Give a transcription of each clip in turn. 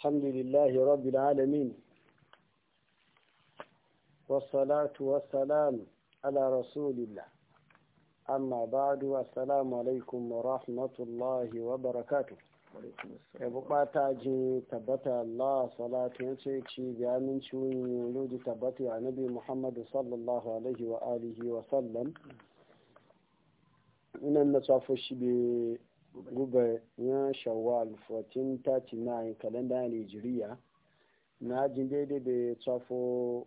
الحمد لله رب العالمين والصلاة والسلام على رسول الله أما بعد والسلام عليكم ورحمة الله وبركاته بقات جي تبت الله صلاة شيء شيء من يولد تبت على النبي محمد صلى الله عليه وآله وسلم من النصف الشبيه guba ya shawwal 1439 kalenda nigeria na ajin daidai da tsafo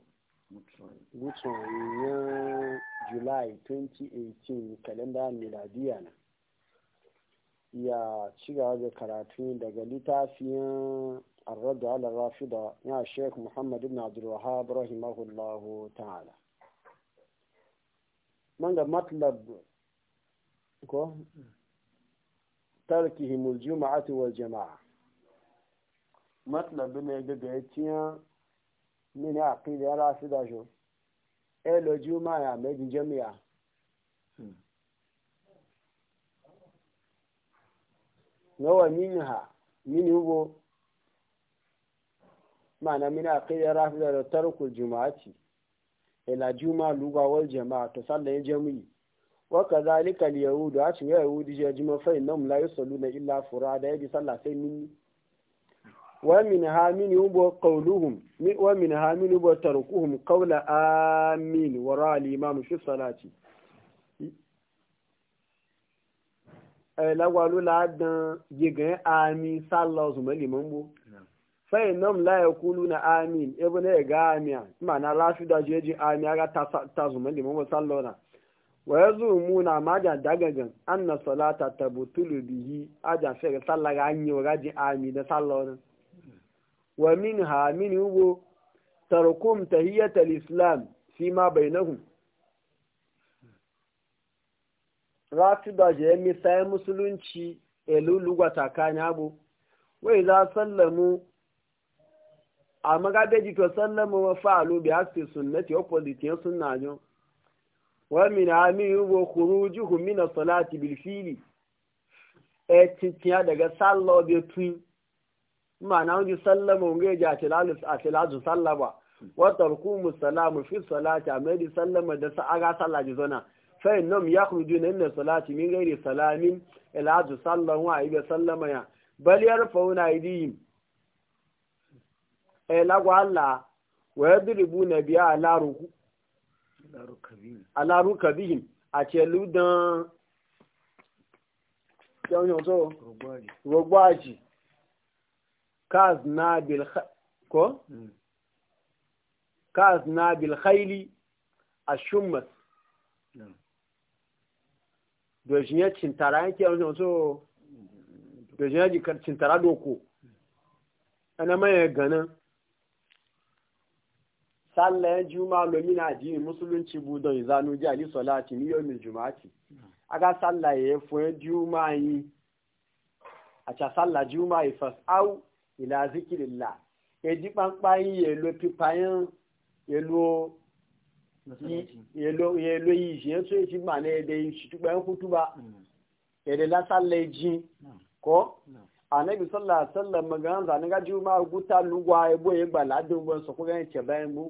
guton ya july 2018 kalenda miladiya na ya cigaba da karatu daga littafin الرد da rafi da ya Sheik Muhammadu na الوهاب رحمه الله تعالى من Tarki himul aljum'ati wal jama'a matlabi ne ga gaiciya mini aqida ya rasu da shi elo juma'a mai jami'a nawa minha mini hugo ma'ana mini aqida ya rasu da tarkul juma'ati ila juma'a lugawar jama'a to sallayin jami'i waka zalika yahudu a cikin yahudu ya ji mafai nan la salu na illa fura da ya bi sallah sai mini wa min ha mini ubo qawluhum wa min ha mini ubo tarkuhum qawla amin wa ra al imam fi salati eh la walu la dan yegan amin sallahu zumali mambo fa innam la yaquluna amin ibn ga amiya ma la su da jeji amiya ga ta zumali mambo sallona wa ya zo muna ma ja dagagan an na salata ta butulu bihi a ja sai ga anyi ga an yi ami da sallah wani wa min ha min hugo tarkum tahiyatul islam fi ma bainahum rafida je mi sai musulunci gwata takani abu wai za sallamu a magabeji to sallamu wa fa'alu bi hasti sunnati opposite sunna jo ومن عامه وخروجهم من الصلاة بالفيل اتتيا دغا صلى بيتوين معنى ان يسلم ونجا اتلال اتلال سلم وتركوم السلام في الصلاة عمد سلم ده ساغا صلى جزنا فإنهم يخرجون من الصلاة من غير سلام العز صلى وعيد سلم يا بل يرفعون أيديهم إلا وعلا ويضربون بها على ركوب alaru kabihim a ce ludan yawon so rogbaji kaz na bil ko hmm. kaz na bil a shummas hmm. dojiyar cintara yake yawon so dojiyar cintara doko hmm. ana maye ganin sallayan juma lomina addini musulunci budon zanu ji ali salati ni yomin juma'ati aga sallaye fun juma yi a ca salla juma yi fas'au ila zikirillah ji pampa yi yelo pipayan yelo yelo yelo yi je so ji ma na ede shituba kutuba ede la salle ji ko anabi sallallahu alaihi wasallam magan zanaga juma guta lugwa ebo e gbaladun bon so ko ga ce bayan mu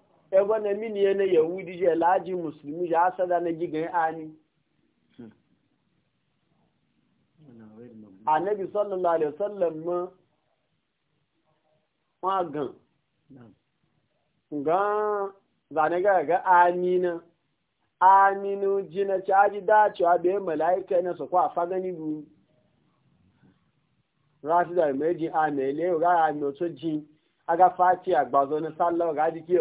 ebe na mini yana yahudi je laji musulmi ya asada na gigan ani annabi sallallahu alaihi wasallam ma wagan ga zane ga ga amina aminu jina caji dacewa da yin mala'ika na su kwa fagani bu rasu da mai jin amele ra amina to jin aga faci agbazo na sallah ga jiki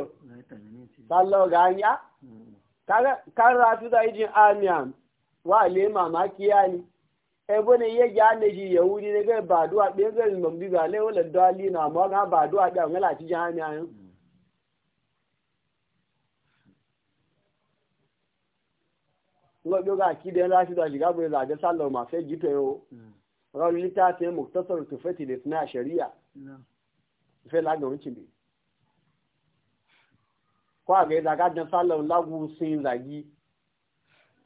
sallah ga anya mm. kaga kan ratu da ijin amiyan wa le mamaki ya ni e bone ye ya ne ji yahudi ne ga ba duwa be ga mambi ga le wala dali na amma ga ba duwa da ngala ci jami'an lọ́jọ́ gáà kí dẹ́n láṣídọ̀ ṣìgábọ̀ ilẹ̀ àjẹsálọ̀ màfẹ́ jípẹ́ o rọ́lítà tí mọ̀tọ́sọ̀rọ̀ tó fẹ́ tìlẹ̀ fún àṣẹríyà ìfẹ́ lágbọ̀n ń tìlẹ̀ kó àgbẹ̀ ìdàgájọ sálọ̀ lágùn sí ìràgí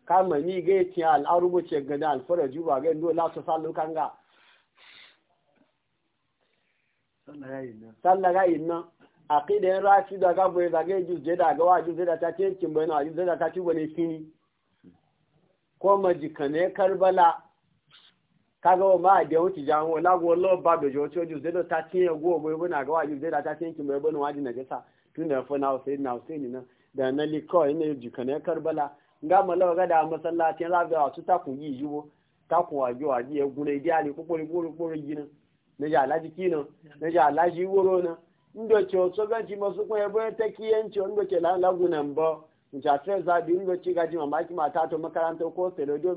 kama ni ge ti al al'arubu che gada alfarar juba ga indo lati salo kanga ga inna a kida yin rafi da gabo ya zagaye jus je da gawa jus da ta ce yankin na ju je da ta ci wani fini ko majikane karbala kaga wa ma da wuce jan wa lo ba da jo cho ju ta tin go e bo na ga wa ju ta e na ji na da na na ni na da na li ko ina e ju kan karbala nga ma lo ga da masallacin la ga su ta ku yi ju bo ta ku wa ju wa ji e di ali ko ri ri ji na na ja alaji ki na na ja na ndo so ga ji mo e bo ki en ndo che la na mbo nja tre za ma ma ki ma makaranta ko se do do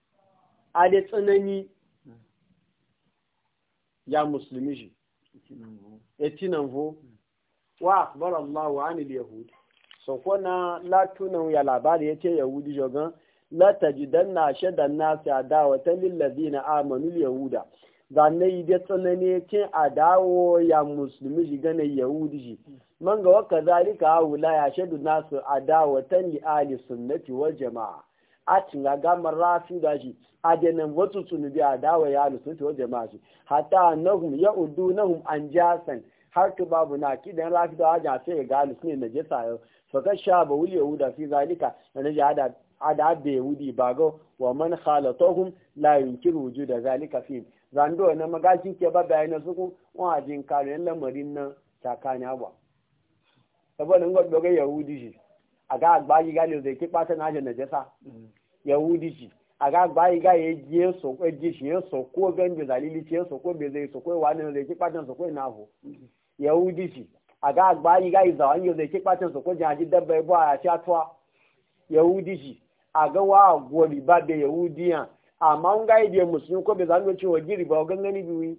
a da tsanani ya musulmi shi etinan ho wa akbar allahu anil yahud so kona latunan ya labari ya ce yahudi jogan la tajidanna shadan nasi adawatan lillazi na amanu yahuda zane yi da tsanani ce a dawo ya musulmi shi gane yahudi shi man ga waka zalika wula ya shadu nasu adawatan li ahli sunnati wal jama'a a cinga gamar rafi da shi a jenin wasu sunubi a dawa ya lusun ta wajen masu hata nahum ya udu nahum an jasan har ka babu na kidan rafi da wajen sai ga lusun ne na jesa yau fakar sha ba wuli ya wuda fi zalika na naji hada ada da wudi ba ga wa man khalatahum la yunkiru da zalika fi zando na magaji ke ba bayanan suku wajin kare lamarin na tsakanin abuwa saboda ngwa dogon yahudi shi Aga agba yi ga ne zai ki ɓata na ajiyar najasa mm. yahudi shi aga agba yi ga mm. ya ji ya soko ji shi ya soko gan bi zalili ci ya soko bai zai soko wa ne zai ki ɓata soko na ho yahudi shi aga agba yi ga yi zawan yau zai ki ɓata so ko aji dabba ya a sha tuwa yahudi shi a ga wa gori ba da yahudiya amma n ga idiyar musulmi ko bai zanen cewa giri ba gangani biyu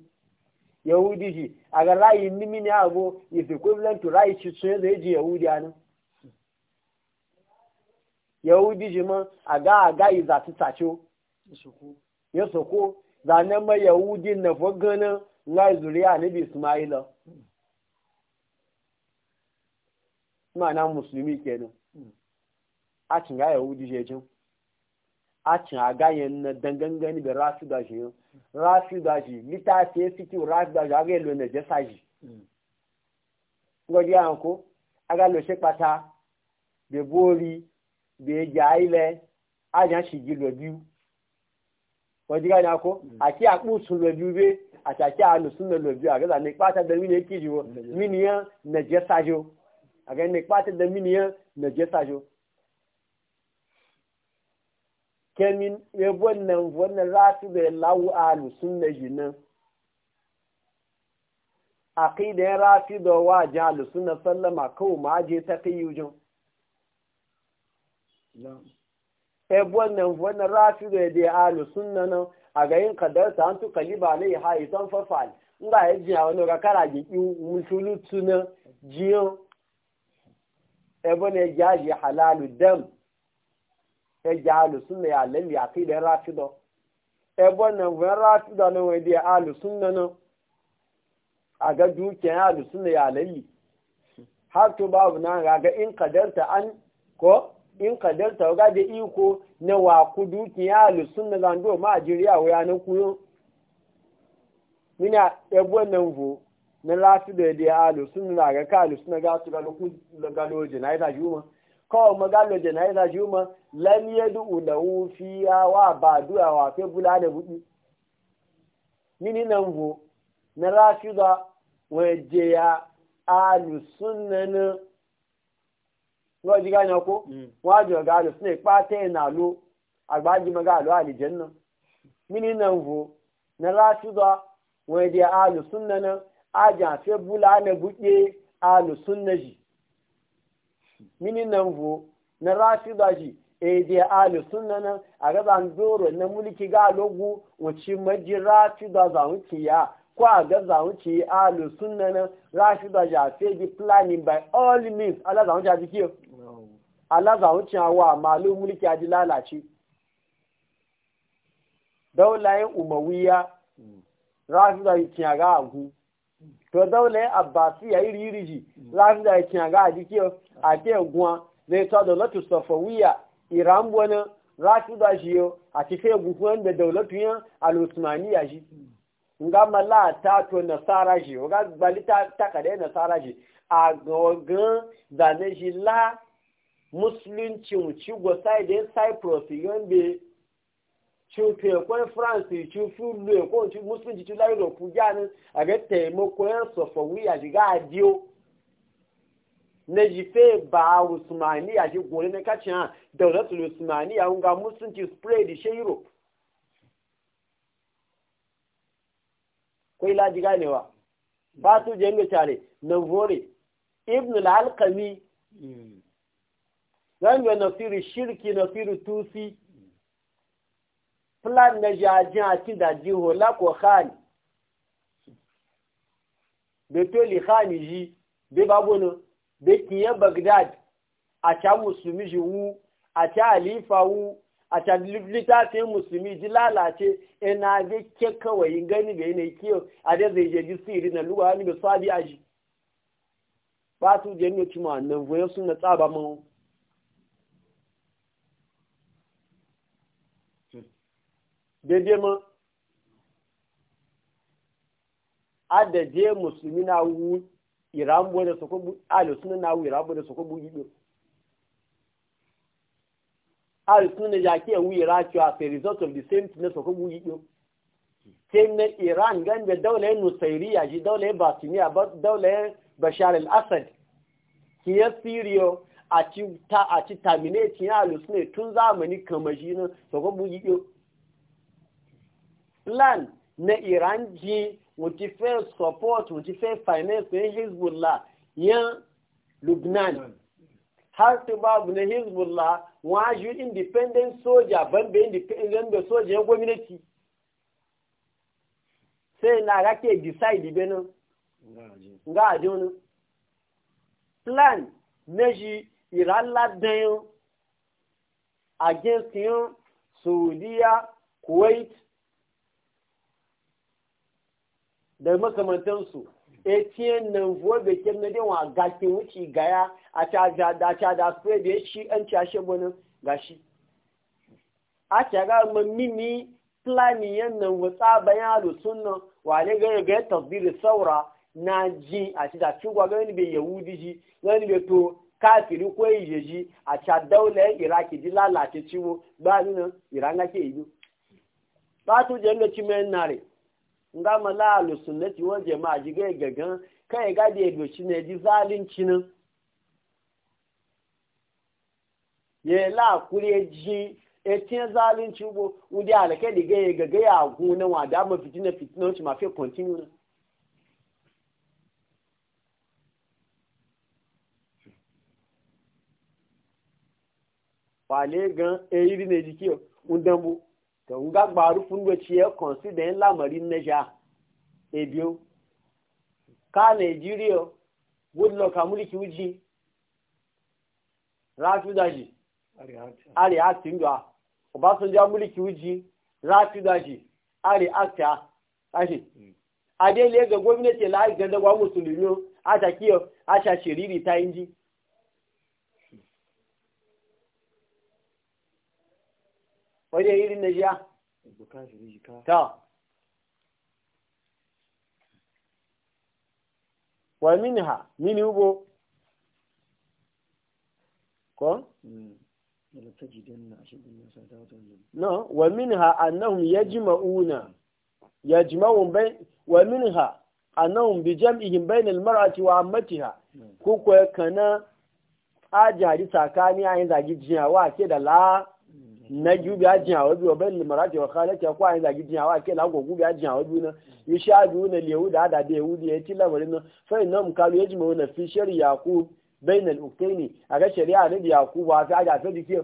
yahudi shi a rai ni nimini abu is equivalent to rai chi sun zai ji yahudiya nan yahudi jiman mm. a ga mm. a ga iza ti tacho ya soko zanen mai yahudi na fagana na zuriya nabi ismaila ma'ana musulmi kenan a cin ga yahudi jejin a cin a gayen na dangangani da rasu da shi rasu da shi littafi ya fi kiwo rasu da shi a ga yalo na jasa shi gwadi yanko a ga lo shi kpata da bori bai jayi lẹ ajan a lọ biyu wọ́n jí gáyìn akó mm. àti àpòsùn lọ biyu bẹ́ àti àti àlùsùn da biyu àgbẹ̀dà ní pátá dẹ̀ mí ní kéjì wọ mm. mí nìyẹn nàìjẹ́ sájò àgbẹ̀ ní pátá dẹ̀ mí nìyẹn nàìjẹ́ sájò. kẹ́mi ẹ̀bọ́ nà ń bọ́ lawu láti bẹ̀ láwù àlùsùn lọ yìí náà. àkíndẹ̀ ráfídọ̀ wà jẹ́ àlùsùn lọ sọ́lọ́mà ebon nan eh, wannan rafi da da alu suna nan a ga yin kadarsa an tuka liba ne ya hayi san fafal in ga ya jiya wani ga kara ji ki musulu tuna jiyo ebon eh, ya jaji halalu dam ya jalu suna ya lam ya kai da rafi da ebon eh, nan wannan rafi da nan wai da alu suna nan a ga dukiyan alu suna ya lalli har to babu nan ga in kadarta an ko in kadar ga da iko na waku dukiya alusun na zando ma a jiriya wuya na kuyo mina ebo nan vo na lafi da da alusun na ga ka alusun na ga su ga galo janaiza juma kawo magalo janaiza juma lam yadu lahu fiya wa ba du'a wa fe bula da budi mini nan vo na lafi da wajeya alusun na wọ́n jí gáyìn ọkọ́ wọ́n á ọ̀gá àlò sínú ipá tẹ́yìn náà ló àgbájú mọ́gá àlò àlìjẹ́ náà mini ń vo ní lasuwa wọ́n di àlò súnna náà ájà fẹ́ búlá na pé àlò súnna jì mini ń vo ní lasuwa jì èdè e àlò súnna náà àgbà ń dòrò ní múlìkì gáàlógún wọ́n ti ci mọ́jì lasuwa zàwọn kìyà ko a ga zawuci alu sunna na rashi da jafe di planning by all means ala zawuci kí o. Allah za wuce wa malin mulki ya ji lalace daulayen umawiya rafida yi kiya ga agu to daulayen abbasi ya yi ririji rafida yi kiya ga adiki a ke guwa zai ta daulatu safawiya iran wani rafida shi yau a cikin gukuwan da daulatu yin al ya shi nga mala ta to nasara shi ga bali ta kadai nasara shi a gogan zane shi la musulunci ci gwasai da cyprus yan be ci tekun france ci fulu ekun ci musulunci ci lai rofu gyanin a ga taimako yan sofawi a ga adiyo na jife ba usmani a shi gori na kacin ha daulatul usmani a hunga musulunci spread shi europe kwai laji ganewa ba su jenga tare na vore ibn al alkami. Hmm. zan yi nasiru shirki nasiru tusi plan na jajin a ci da jiho lako khani betoli khani ji be babono be kiye bagdad a ca musulmi ji wu a ca alifa wu a ca littafin musulmi ji lalace ina e be ke kawai gani da yanayi kiyo a da zai je ji siri na luwa wani be sabi aji ba su je ne cima nan na tsaba daidai ma adade musulmi na wu iran bude su kubu alisunan na wu iran bude su kubu gido alisunan ya ke wu iran cewa the result of the same thing na su kubu gido na iran gan da daular nusairiya shi daular batiniya bashar al-assad ki ya siriyo a ci terminate ya alisunan tun zamani kamar shi na su kubu plan na iran ji wuti fẹ́ support wuti fẹ́ finance ní hezbollah yan lubnan har ta babu na hezbollah wọ́n á ju independent soja ban bẹ independent soja yan gwamnati sai na rake decide ibe nan nga ajo nan plan na ji iran ladan yan against yan saudiya kuwait da makamantansu e, atn nan vuwa da ke na dewa ga ke wuce gaya a ta da da ta da spray da shi an ci ashe gashi a ta ga mun mini plani yan nan wutsa bayan da wa ne ga ga tasdil saura na ji a ci da cingwa ga ni be yahudi ji ga ni be to kafiri ko yeji a ta daular iraki ji lalace ciwo ba ni nan iran ga yi ba to je lokacin men nare nga mala alu sunnati wal jama'a jiga gagan kai ga de do shi ne ji zalincin ye la kure ji etin zalincin bo ala ke diga ye gaga ya go na wa da ma fitina fitina shi ma fe continue na wale gan e yiri ne undan undambu to nga gbaru fun do ya e consider la mari neja ebio ka nigeria goodluck amuliki uji rafidaji ari ati ndwa obasanjo amuliki uji rafidaji ari ata ashi hmm. adele ga gwamnati la ga da wa musulmi a takiyo a shashiriri ta inji wajen irin na jiya ta wa min ha, mini ubo ko hmm. no wa min minha annahum yajma'una yajma'un bain wa min minha annahum bi jam'ihim bain al-mar'ati wa ammatiha ko hmm. ko kana ajari sakani ayin zagi jiya wa ke da la na ju biya jin hawa biyu bai limarati wa khalati ko an zagi jin hawa ke lago gu biya jin hawa biyu na yi sha biyu na yahuda da da yahudi ya ci lamarin na fayin inna mu kalu yajma wa fi shari yaqub bain al uktaini a ga shari'a ne yaqub wa ta ga sai dike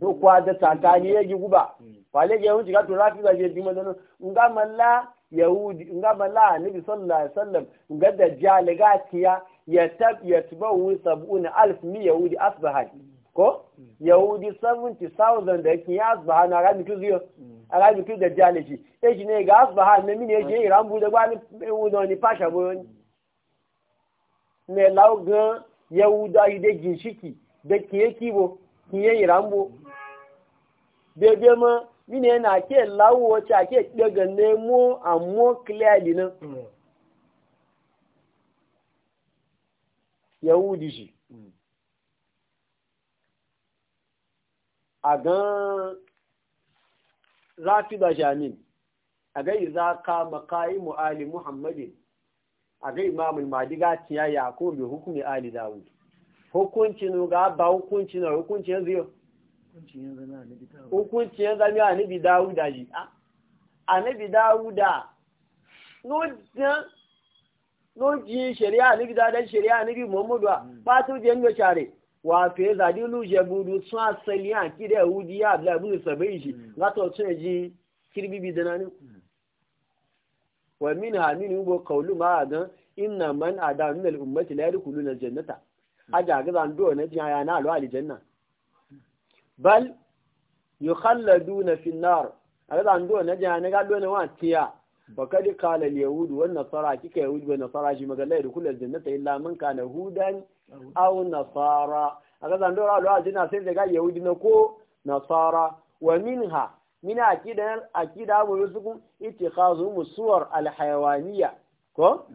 ko kwa da tsakani ya gi guba fa le ga wuce ga fi rafi ga je dimana nga malla yahudi nga mala annabi sallallahu alaihi wasallam ga dajjal ga tiya ya tab yatbawu 70000 mi yahudi asbahat ko yahudi 70000 da kin asbaha na ga mitu ziyo mm. ala mitu dajjal shi e shi ne ga asbaha ne mini e je mm. iran bu da gwani wudo ni pasha bo ne lawo ga yahuda ide ginshiki da kiye kibo kiye rambu bu mm. bebe ma mine na ke lawo wacce ake daga nemo ammo clearly nan hmm. yahudi shi hmm. a gan rafi da jamin a gai za ka makayi mu'ali muhammadin a gai imamul madiga tiya ya ko bai hukumi ali dawud hukuncin ga ba hukuncin hukuncin zai hukunci ya zami nibi dawuda ji anabi dawuda lójí shari'a anabi dawuda shari'a nibi muhammadu a tó jẹ́ ń lọ ṣàrẹ̀ wà zadi zàdí lójẹ gbogbo tún àṣẹlẹ̀ àti rẹ̀ ya di àbúlà ìbúlù sọ̀bẹ̀ ìṣì látọ̀ ji ẹ̀ jí kiri bíbi wa min mí ni àmì ni wọ́n kọ̀ọ̀lù máa gan inna man adam min al-ummati la yadkhuluna al-jannata hmm. aja ga zan do na jiya na alwali janna bal yukhalladuna fi nar aga an do na ja ne ga do ne wa tiya bakad qala al yahud wan nasara kika yahud wan nasara shi magalla ya dukul aljannata illa man kana hudan aw nasara aga an do ra ajina sai daga yahud na ko nasara wa minha min akida akida abu yusukun ittikhazu musuwar al hayawaniya ko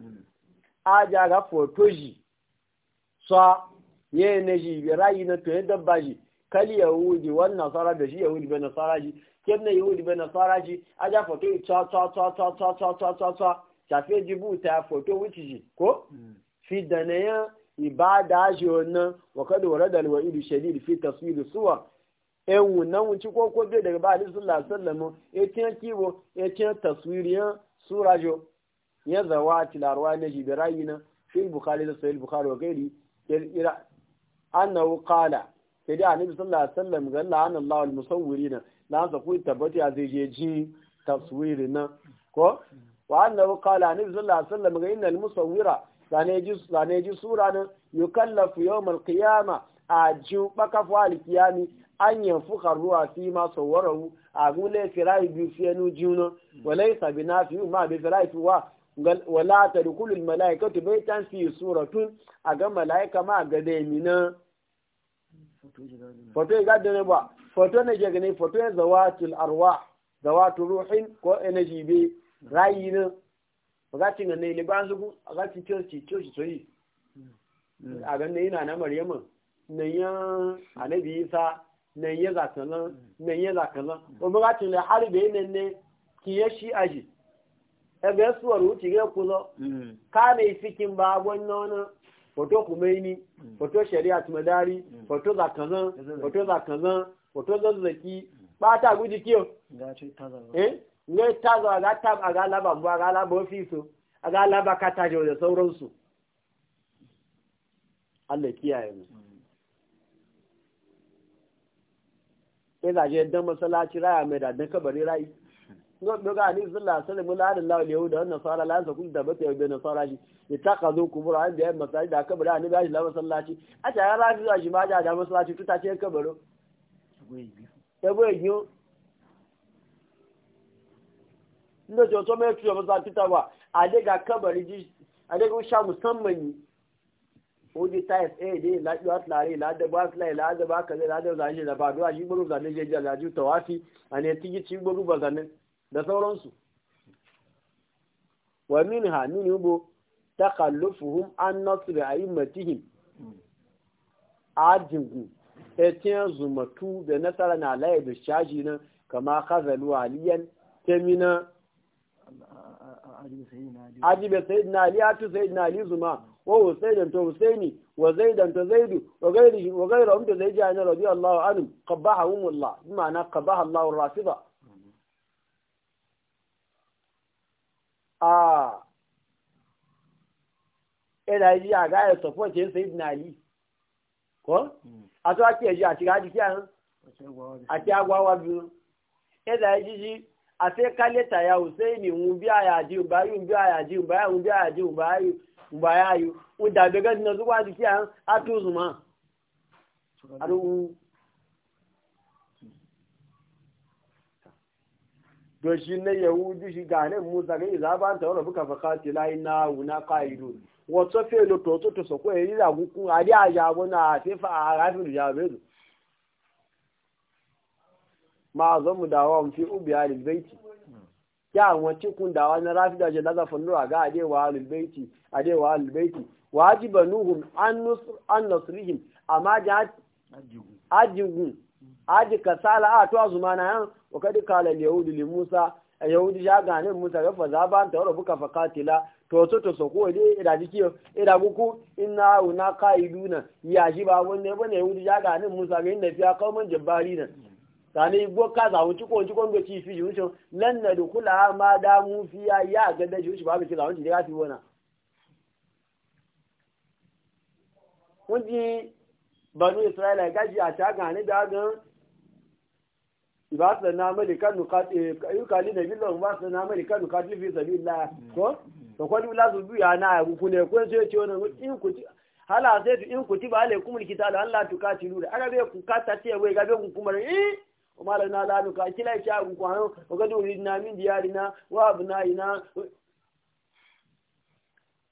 aja ga fotoji sa ye ne ji rayi na to dabba ji kal yahudi wan nasara da shi yahudi bai nasara shi kem na yahudi bai nasara shi a ja foto yi tsa tsa tsa tsa tsa tsa tsa tsa tsa shafe jibu ta foto wuce shi ko mm. fi da na yan ibada shi wannan wa kada wa radar wa idu shadid fi taswiri suwa en wunan wuce ko ko bai daga ba'ali sallallahu alaihi wasallam e e ya kiyan kibo ya taswiri taswiriyan sura jo ya zawa tilarwa na jibirayi na fi bukhari da sahih bukhari wa gairi annahu qala sai dai annabi sallallahu alaihi wasallam ga la'an Allah al musawwirina na sa ku tabbati a zai je ji taswiri na ko wa annahu qala annabi sallallahu alaihi wasallam ga innal musawwira sane ji ne ji sura nan yukallafu yawm al qiyama a ji baka fa al qiyami an yanfu kharruwa fi ma sawwarahu a gule firai bi fiyanu juna walaysa nafi ma bi firai wa wala tadkhulul malaikatu baytan fi suratun aga malaika ma ga dai mina foto ga dare ba foto ne ke gani foto ya zawatul arwa zawatul ruhin ko energy be rayi ne ba ci cin ne an zugu a za cin coci coci soyi hmm. a ga ne ina na maryama nan ya annabi isa nan ya zakalan hmm. nan ya zakalan ko ga cin harbe ne ne ki ya shi aji ebe suwar wuce ga kuzo hmm. ka ne fikin ba wannan foto kumaini mm. foto shari'a madari mm. foto zakazan foto zakazan foto zazzaki bata guji kiyo eh ngai tazo aga tab aga laba bu aga laba ofiso aga laba katajo da sauransu Allah kiyaye mu mm. sai zaje dan masallaci raya mai da dan kabari rai ngo do ga hadisi sallallahu alaihi wasallam la ilaha illa da wannan sara la zakul da bata yau da na nasara shi ya taka zo kubura an biya masaji da kabara ne ba shi la masallaci a ta ya rafi zuwa shi ma da da masallaci tuta ce kabaro ya goyi yo ndo jo to me tuwa masallaci tuta ba a ga kabari ji a ga sha musamman ni ta es e de la yo at la re la de ba la la de ba ka de la de za zane da ba duwa shi za ne je la ju tawafi a ne tigi ci buru ba za ne da sauransu wa min ha min yubo takallufuhum an nasri a'immatihim ajingu etin zumatu da nasara na laye da shaji nan kama kazalu aliyan temina ajibe sayyidina ali atu na ali zuma wa husaydan to husaini wa zaidan to zaidu wa gairi wa gairi umta zaidi ana radiyallahu anhu bima bima'ana qabaha Allahu ar-rafida ẹ̀dà ìjì àgá ẹ̀ sọ̀pọ̀ ṣe ń ṣe ìdìnnà yìí kọ́ àtúwákì hmm. ẹ̀jì àti ìhádìí kí àrùn àti àgbà wa bí wọn jí ya hùsẹ́ẹ̀nì ń bí àyàjì ìbáyù ń bí àyàjì ìbáyù ń bí àyàjì ìbáyù ìbáyù ń dàbí gẹ́gẹ́ nínú tó wájú kí àrùn àtúnṣùmọ́ àdúgbò. wọ́tọ́ fẹ́ lo tòótọ́ tó sọ̀kọ́ èyí làgùnkù adé àyàwó náà àti fa àràfin ìyá mẹ́lò. máa zọ́ mu fi ubi alìbẹ́ẹ̀tì kí àwọn tí kún ní ráfí dájẹ́ lásà fún lóra adéwà alìbẹ́ẹ̀tì adéwà alìbẹ́ẹ̀tì jìbọ̀ núhùn annusrihim àmà jẹ́ ajigun aji kasala a tó azuma na yan wakadi kala yahudu li musa yahudu ya gane musa ya fa zaba ta wara buka fakatila to to so ko dai ida jiki ida guku inna una qaiduna ya shi ba wanne bane wuri ya ga nan musa ga inda fiya kauman jabbari nan tani go ka za wuci ko wuci ko ngo ci fi wuci lan na dukula ma da mu fiya ya ga da shi ba ki za wuci da fi wona wani banu isra'ila gaji a ta gane da gan ibasa na malika nukati eh, yukali na billah ibasa na malika nukati fi sabilillah ko da kwani la su biya na ya ku ne kun sai ce wannan in ku hala sai tu in ku ti ba alaikum alkitabu Allah tu ka ti lura arabe ku ka ta ce wai gabe ku kuma eh kuma la na la ka kila ya ku kwano ga du na min na. wa abnaina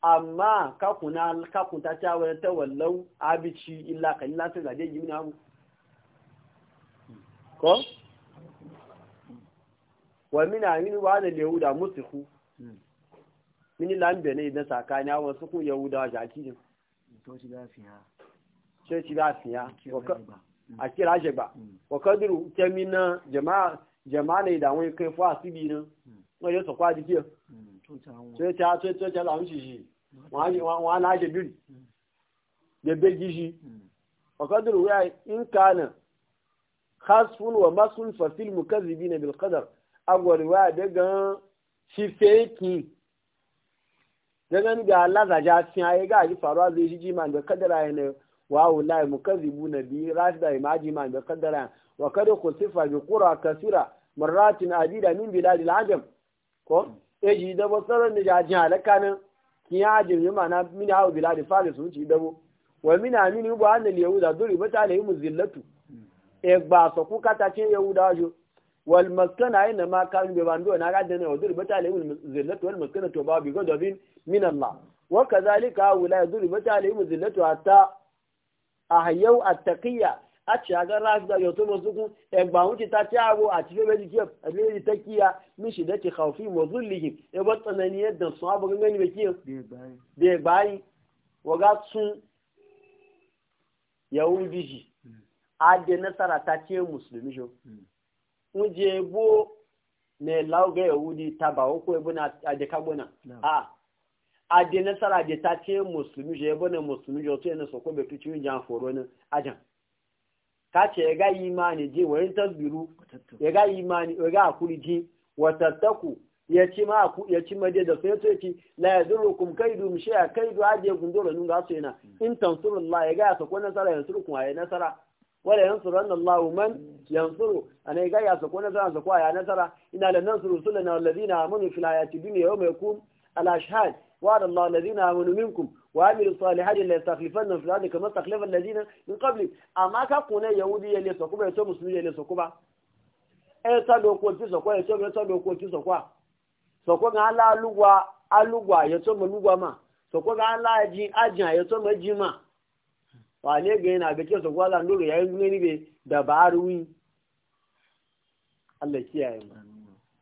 amma ka kuna ka kun ta ta wani ta wallau abici illa kalila sai da dai yuna mu ko hmm. wa min aminu wa da yahuda musiku hmm. mini lambe ne idan sakani a wasu kun yahudawa jaki ne sai ci ba fiya mm. a kira shi ba mm. wa kadiru kemi na jama'a jama'a ne da wani kai fa asibi ne mm. wani yasa kwa jikiya sai ta sai ta ta lamu shi shi wa na shi biri da begi shi wa kadiru ya in kana khasfun wa masun fa fil mukazzibina bil qadar agwar wa daga shi fake dagan ga Allah za ja cin ayi ga ji faruwa zai ji jiman da kadara ya ne wa wallahi mukazzibu nabi rashida imaji man da kadara wa kada ku sifa bi qura kasira maratin adida min biladil adam ko ji da basaran da jajin halaka nan kiyajin yuma mana min hawo biladil falis mun da dabo wa min amini bu annal yahuda duri bata alayhim zillatu e ba so ku kata ce yahuda jo wal na aina ma kan bi na ga da ne wadur bata alayhim zillatu wal maskana to ba wa kadhalika wala yadur bata alayhim zillatu hatta a ci aga rasu da yoto masu kun egba ta ci abu a cikin bai jikiyar alheri ta kiya min da ke haufi mazu ligi ya e ba tsanani yadda sun abu gangani da kiyar da ya bayi waga sun yahudi shi hmm. a nasara ta ce musulmi wuje bo ne lauga yahudi ta ba ko ebo na aje kabona a aje nasara aje ta ce musulmi je ebo ne musulmi je to yana e so ko be tuci jan foro na aja ka ce ya e ga imani je wayin tasbiru ya ga imani ya e ga akuri ji watattaku ya ci ma ya ci ma da sai to yaci la yadurukum kaidu mishiya kaidu aje gundoro nun ga so yana in tansurullah ya ga so ko nasara yansurukum ayi nasara wala yansuru anna Allahu man yansuru anai gai ya sako nasara sako ya nasara ina la nansuru sunna alladhina amanu fil ayati bi yawma yakum al ashhad wa ala Allah alladhina amanu minkum wa amilu salihati la yastakhlifanna fil ardi kama stakhlafa alladhina min qabli amma ka kuna yahudi ya le sako ba to musulmi ya le sako ba e ta do ko ti sako ya to ba to do ko ti sako sako ga ala alugwa alugwa ya to mu lugwa ma sako ga ala ji ajin ya to ma ji ma wane ga yana ga kyau kwa zan dole yayin gani be da baruwi Allah kiyaye mu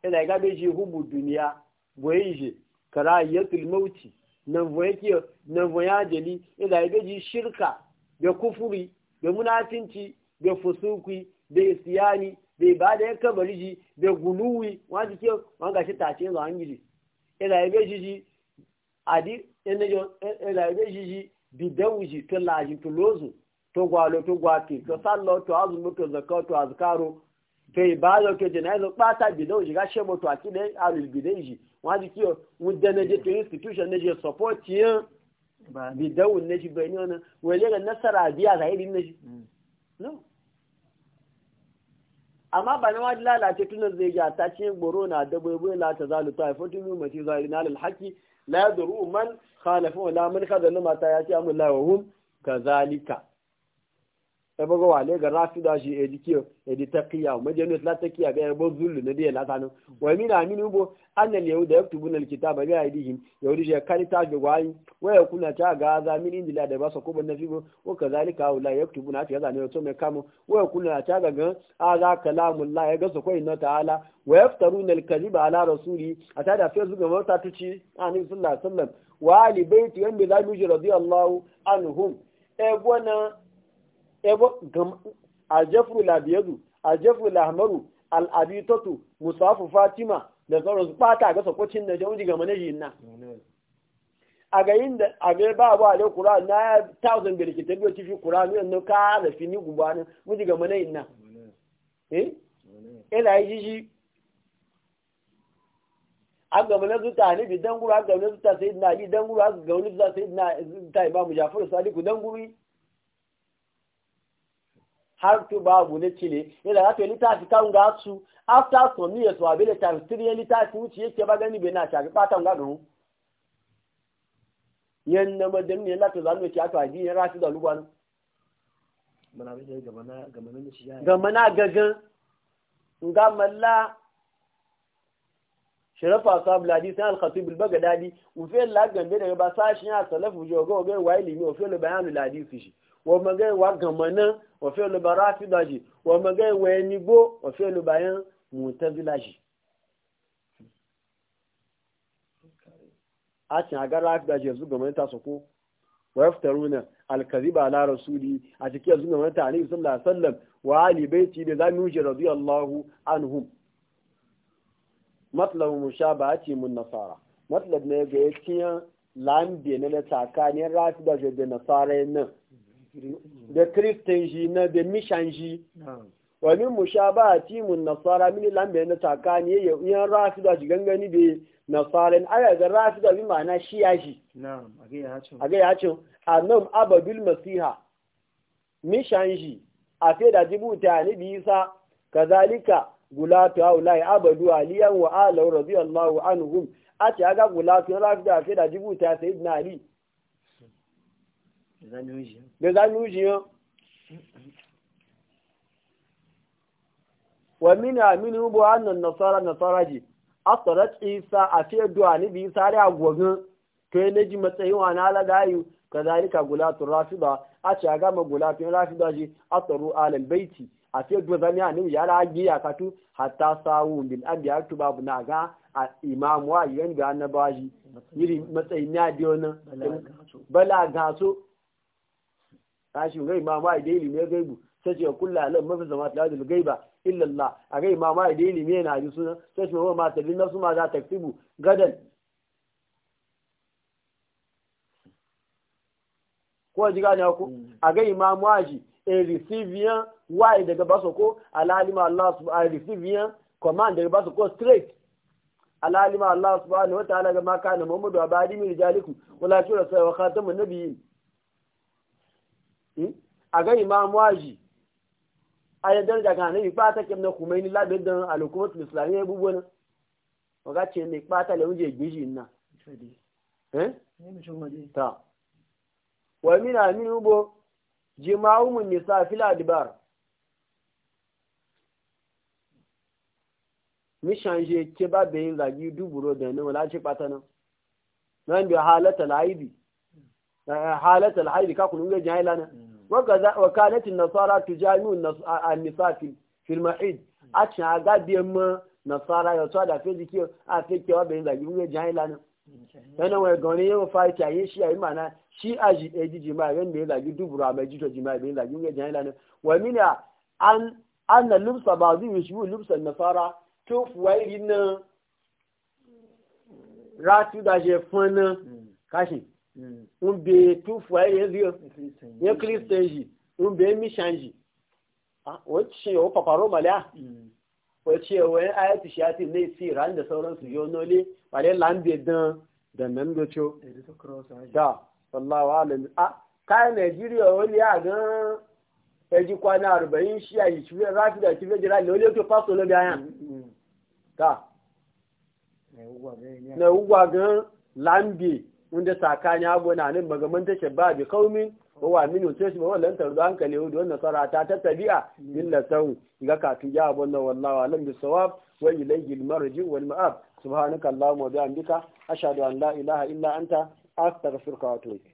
ina ga be ji hubu duniya boye ji karayatul mauti nan boye kiyo nan boya jeli ina ga ji shirka da kufuri da munafinci da fusuki da isiyani da ibada ya kabari ji da guluwi wani kiyo wani gashi tace zo an gidi ina ga ji ji adi ina ga ji ji bidawuji to laji to lozu to gwalo to gwaki to sallo to azumu to zakka to azkaru to ibada to janazo pata bidawuji ga shebo to akide alul bidawuji waji kiyo mudana je to institution ne je support yin bidawu ne shi bayani wannan wele ga nasara biya zahiri ne shi mm. no amma ba na wajen lalace tunan zai ga ta cikin goro na dabbobi la ta zalu ta haifar tun yi mace zahiri na lalhaki la yadru man khalafa wala man khadha mata ya ce amul lahum kazalika ebe wale ga rafi da shi edike edi taqiya majanu la taqiya ga ebo zullu e e na e dia latano wa min aminu bo annal yahuda yaktubuna kitaba bi aydihim yahudi je kalita bi wai wa yakuna ta ga za min indila da baso ko banna fibo wa kazalika la yaktubuna ta zane to me kamo wa yakuna ta ga ga aza kalamullah ya ga su ko inna ta'ala wa yaftaruna alkadhiba ala rasuli atada fi zuga ga mota tuci ani sallallahu alaihi wasallam wa ali baiti yanda zamu ji radiyallahu anhum e gwana aljafru labiyadu aljafru lahmaru al'abitatu musafu fatima da sauran su fata ga sakwacin da jami'in ga manaji na a ga yin da a ga ba ba da kura na ya thousand da ke tabbiyar cikin kura ne na ka da fini gubanin miji ga manaji na eh ila yi shi an ga mana zuta ne bi dan guru an ga mana zuta sayyidina ali dan guru an ga mana zuta sayyidina ta imamu jafaru sadiku dan guru har to babu ne cile ne da ta littafi kan ga su after some years wa bele ta tiri littafi wuce yake ba gani bai na ta ga fatan ga garu yan na madan ne lati zanu ki aka ji ya rasu da lugwan mana bai ga mana ga mana ne shi ya ga mana gagan ga malla shirafa sabu hadisin al-khatib al-baghdadi ufe la gambe daga ba sashin ya salafu jogo ga wayli ne ufe bayanul hadisi shi wọ́n gẹ́ wà gànmọ́ náà wọ́n fẹ́ lọ́ba ráfídàjì wọ́n gẹ́ wọ ẹni gbó wọ́n fẹ́ lọ́ba yẹn mùtẹ́fílàjì. a cin a gara ráfídàjì yanzu gànmọ́ ta sako wa yaftaru na alkaziba ala rasuli a cikin yanzu gànmọ́ ta alayhi sallallahu alaihi sallam. wa ali baiti da zamu ji radiyallahu anhum matlabu mushabahati mun nasara matlab ya ga yakiyan lambe na tsakanin rafi da nasara nan da kristan shi na da mishan shi wa min mushabahati mun nasara min lambe na takani yan rafida shi gangani be nasaran aya ga rafida bi ma'ana shi ya shi na'am age ya ce annam abadul masiha mishan shi a sai da jibuta ni bi isa kazalika gulatu aulai abadu aliyan wa alau radiyallahu anhum a ce aga gulatu rafida sai da jibuta sayyidina ali Beza nujiyan. Wa mini aminu bu annan nasara nasara ji, asarat isa a fiye duwa ni biyu sare a gwagin, to yi na ji matsayin wa na ala dayu, ka zalika gulatun rafida, a ce a gama gulatun rafida ji, asaru alal baiti, a fiye duwa zami a ni ya ragi ya katu, hatta sawu bil an biya tuba bu na ga imamu wa yi yan ga annabawa ji, yiri matsayin ya biyo nan, bala gaso, Kashi gai ma ma da ilimi gaibu sai ce kullu alam mafi zama ta da gaiba illa Allah a gai ma ma da ilimi yana ji sunan sai ce ma ma tadin su ma za ta tibu gadan ko ji gane ku a gai ma ma ji a receivian wai daga baso ko alalima Allah subhanahu a receivian command daga baso ko straight alalima Allah subhanahu wa ta'ala ga ma kana Muhammadu abadi min jaliku wala tura sai wa khatamun nabiyyin Hmm? a ga imam waji a ya daraja ga nabi ba ta kimna kumaini labe dan al-hukumatu islamiyya bubu na waga ce ne ba ta lauje giji na eh ta wa min amin ubo jima'u mun nisa fila adbar mi chanje ke ba be yin zagi duburo da ne wala ce patana nan bi halata laibi Eh, halat alhaidi ka kun ga jahila na mm. wa mm. nasara tujami'u an-nisa fi al-mahid a cha ga biyan nasara ya tsada fi jiki a fi kewa bayan zagi ga jahila na yana wa mm. gani yau fa ta yi shi ayi mana shi a aji e ji ma ran da zagi dubura mai e jito jima e bayan zagi ga jahila na wa mina an anna lubsa ba'dhi yushbu lubsa an-nasara to fuwairi na ratu da je fana kashi ń bè túfù ayé yẹn rí ọ yẹn kírísítẹ̀n yìí ń mi mísàn yìí wacce ti ṣe ìwọ́ pàpàrọ̀ màlẹ́ à wọ́n ti ṣe ìwọ́ ayé ti ṣe àti ilé sí ìrà ńdẹ̀ sọ́rọ́ sí yọ náà lé màlẹ́ là ń bè dán dandan lóṣó. da wàláwà alẹ́ a káyọ̀ nàìjíríà ó lé àgán shi kwana àrùbẹ̀yìn ṣí àyè ṣùgbọ́n ráfídà ṣùgbọ́n jẹ́ra lé ó lé da na ugwa gan lambe wanda sakani abu na nan magaman ta ba bi kaumin wa minu sai ba wallan tarzo hankali yau da wannan sarata ta tabi'a illa sau ga ka ya abu nan wallahi alam bi sawab wa ilayhi al marji wal ma'ab subhanaka allahumma wa bihamdika ashhadu an la ilaha illa anta astaghfiruka wa atubu